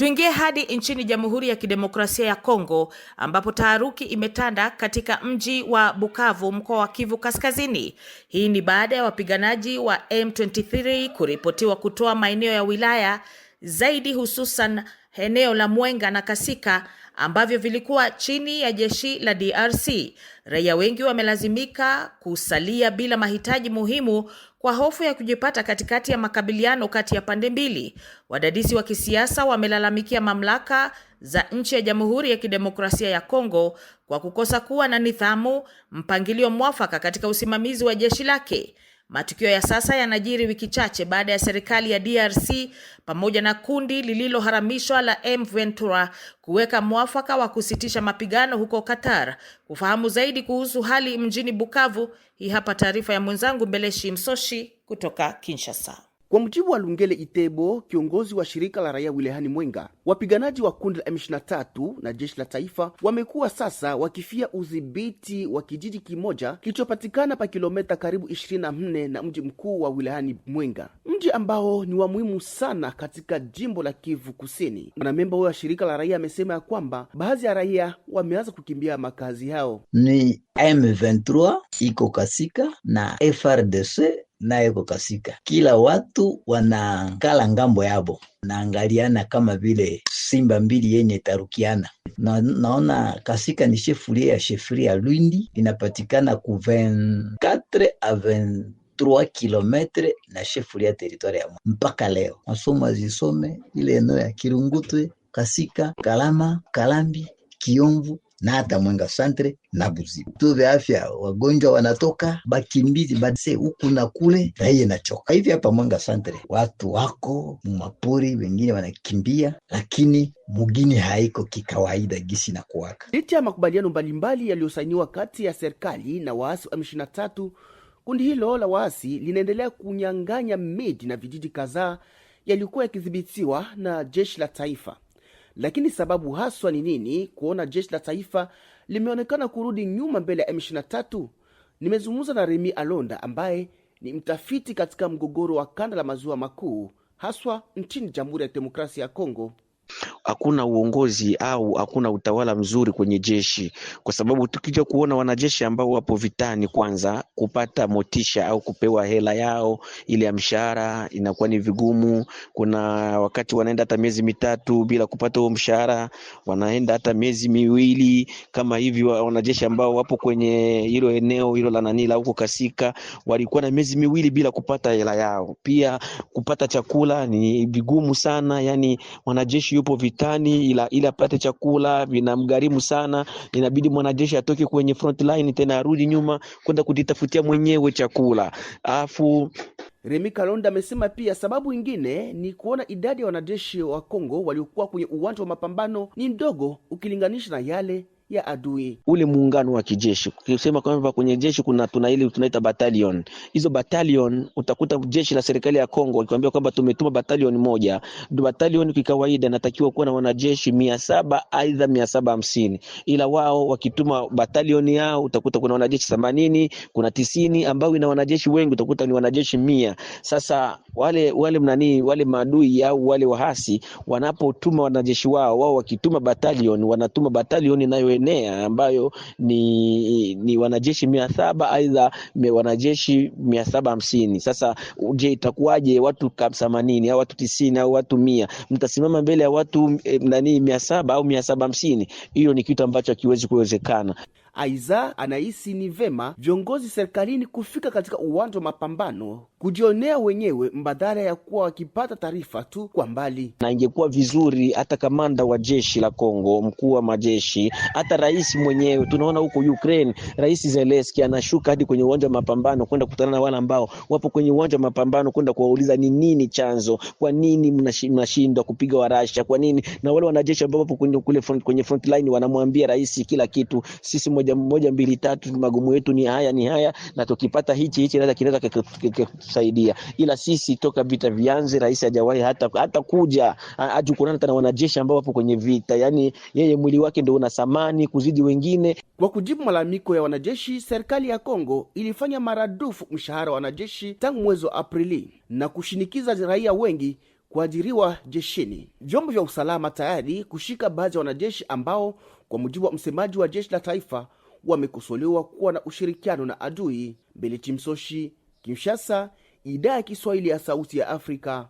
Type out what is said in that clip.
Tuingie hadi nchini Jamhuri ya Kidemokrasia ya Kongo ambapo taharuki imetanda katika mji wa Bukavu mkoa wa Kivu Kaskazini. Hii ni baada ya wapiganaji wa M23 kuripotiwa kutoa maeneo ya wilaya zaidi hususan eneo la Mwenga na Kasika ambavyo vilikuwa chini ya jeshi la DRC, raia wengi wamelazimika kusalia bila mahitaji muhimu kwa hofu ya kujipata katikati ya makabiliano kati ya pande mbili. Wadadisi wa kisiasa wamelalamikia mamlaka za nchi ya Jamhuri ya Kidemokrasia ya Kongo kwa kukosa kuwa na nidhamu, mpangilio mwafaka katika usimamizi wa jeshi lake. Matukio ya sasa yanajiri wiki chache baada ya serikali ya DRC pamoja na kundi lililoharamishwa la M Ventura kuweka mwafaka wa kusitisha mapigano huko Qatar. Kufahamu zaidi kuhusu hali mjini Bukavu, hii hapa taarifa ya mwenzangu Mbeleshi Msoshi kutoka Kinshasa. Kwa mujibu wa Lungele Itebo, kiongozi wa shirika la raia wilayani Mwenga, wapiganaji wa kundi la M23 na jeshi la taifa wamekuwa sasa wakifia udhibiti wa kijiji kimoja kilichopatikana pa kilometa karibu 24 na mji mkuu wa wilayani Mwenga, mji ambao ni wa muhimu sana katika jimbo la Kivu Kusini. Mwanamemba huyo wa shirika la raia amesema ya kwamba baadhi ya raia wameanza kukimbia makazi yao. Ni M23 iko kasika na FRDC naye kukasika, kila watu wanakala ngambo yabo, naangaliana kama vile simba mbili yenye tarukiana. Na, naona kasika ni shefurie ya shefuri ya Lwindi, inapatikana ku 24 a 23 kilometre na shefurie ya teritwari ya mpaka leo. Masomo azisome ile eneo ya Kirungutwe, Kasika, Kalama, Kalambi, Kiomvu na hata Mwenga Santre na Buziba. Vituo vya afya wagonjwa wanatoka bakimbizi base huku na kule, raia inachoka hivi. Hapa Mwenga Santre watu wako mumapori, wengine wanakimbia, lakini mugini haiko kikawaida gisi na kuwaka. Licha ya makubaliano mbalimbali yaliyosainiwa kati ya serikali na waasi wa M23, kundi hilo la waasi linaendelea kunyang'anya miji na vijiji kadhaa yaliyokuwa yakidhibitiwa na jeshi la taifa. Lakini sababu haswa ni nini kuona jeshi la taifa limeonekana kurudi nyuma mbele ya M23? Nimezungumza na Remi Alonda ambaye ni mtafiti katika mgogoro wa kanda la maziwa makuu haswa nchini Jamhuri ya Demokrasia ya Kongo hakuna uongozi au hakuna utawala mzuri kwenye jeshi, kwa sababu tukija kuona wanajeshi ambao wapo vitani, kwanza kupata motisha au kupewa hela yao ile ya mshahara inakuwa ni vigumu. Kuna wakati wanaenda hata miezi mitatu bila kupata huo mshahara, wanaenda hata miezi miwili kama hivi. Wanajeshi ambao wapo kwenye hilo eneo hilo la nani la huko Kasika walikuwa na miezi miwili bila kupata hela yao, pia kupata chakula ni vigumu sana. Yani wanajeshi yupo vitani vitani ila, ili apate chakula vinamgharimu sana, inabidi mwanajeshi atoke kwenye front line tena arudi nyuma kwenda kujitafutia mwenyewe chakula afu Remi Kalonda amesema pia sababu ingine ni kuona idadi ya wanajeshi wa Kongo waliokuwa kwenye uwanja wa mapambano ni ndogo ukilinganisha na yale ya adui. Ule muungano wa kijeshi, ukisema kwamba kwenye jeshi kuna tuna ile tunaita battalion, hizo battalion utakuta jeshi la serikali ya Kongo ikwambia kwamba tumetuma battalion moja. Battalion kwa kawaida natakiwa kuwa na wanajeshi mia saba aidha mia saba hamsini ila wao wakituma battalion yao utakuta kuna wanajeshi 80 kuna 90 ambao ina wanajeshi wengi, utakuta ni wanajeshi mia. Sasa wale wale mnani wale maadui au wale wahasi wanapotuma wanajeshi wao, wao wakituma battalion wanatuma battalion nayo kuenea ambayo ni, ni wanajeshi mia saba aidha wanajeshi mia saba hamsini. Sasa je, itakuwaje watu themanini au watu tisini au watu mia mtasimama mbele ya watu eh, nani mia saba au mia saba hamsini? Hiyo ni kitu ambacho hakiwezi kuwezekana. Aiza anahisi ni vema viongozi serikalini kufika katika uwanja wa mapambano kujionea wenyewe mbadala ya kuwa wakipata taarifa tu kwa mbali, na ingekuwa vizuri hata kamanda wa jeshi la Kongo, mkuu wa majeshi, hata rais mwenyewe. Tunaona huko Ukraine, Rais Zelenski anashuka hadi kwenye uwanja wa mapambano kwenda kukutana na wale ambao wapo kwenye uwanja wa mapambano, kwenda kuwauliza ni nini chanzo, kwa nini mnashindwa kupiga warasha, kwa nini? Na wale wanajeshi ambao wapo kwenye kule front, kwenye front line wanamwambia rais kila kitu, sisi moja moja moja mbili tatu, magumu yetu ni haya ni haya, na tukipata hichi hichi naweza kinaweza kutusaidia. Ila sisi toka vita vianze, rais hajawahi hata hata kuja ajukunana tena wanajeshi ambao wapo kwenye vita, yani yeye mwili wake ndio una thamani kuzidi wengine. Kwa kujibu malalamiko ya wanajeshi, serikali ya Kongo ilifanya maradufu mshahara wa wanajeshi tangu mwezi wa Aprili na kushinikiza raia wengi kuajiriwa jeshini. Vyombo vya usalama tayari kushika baadhi ya wanajeshi ambao kwa mujibu wa msemaji wa jeshi la taifa wamekosolewa kuwa na ushirikiano na adui. Belechi Chimsoshi, Kinshasa, Idhaa ya Kiswahili ya Sauti ya Afrika.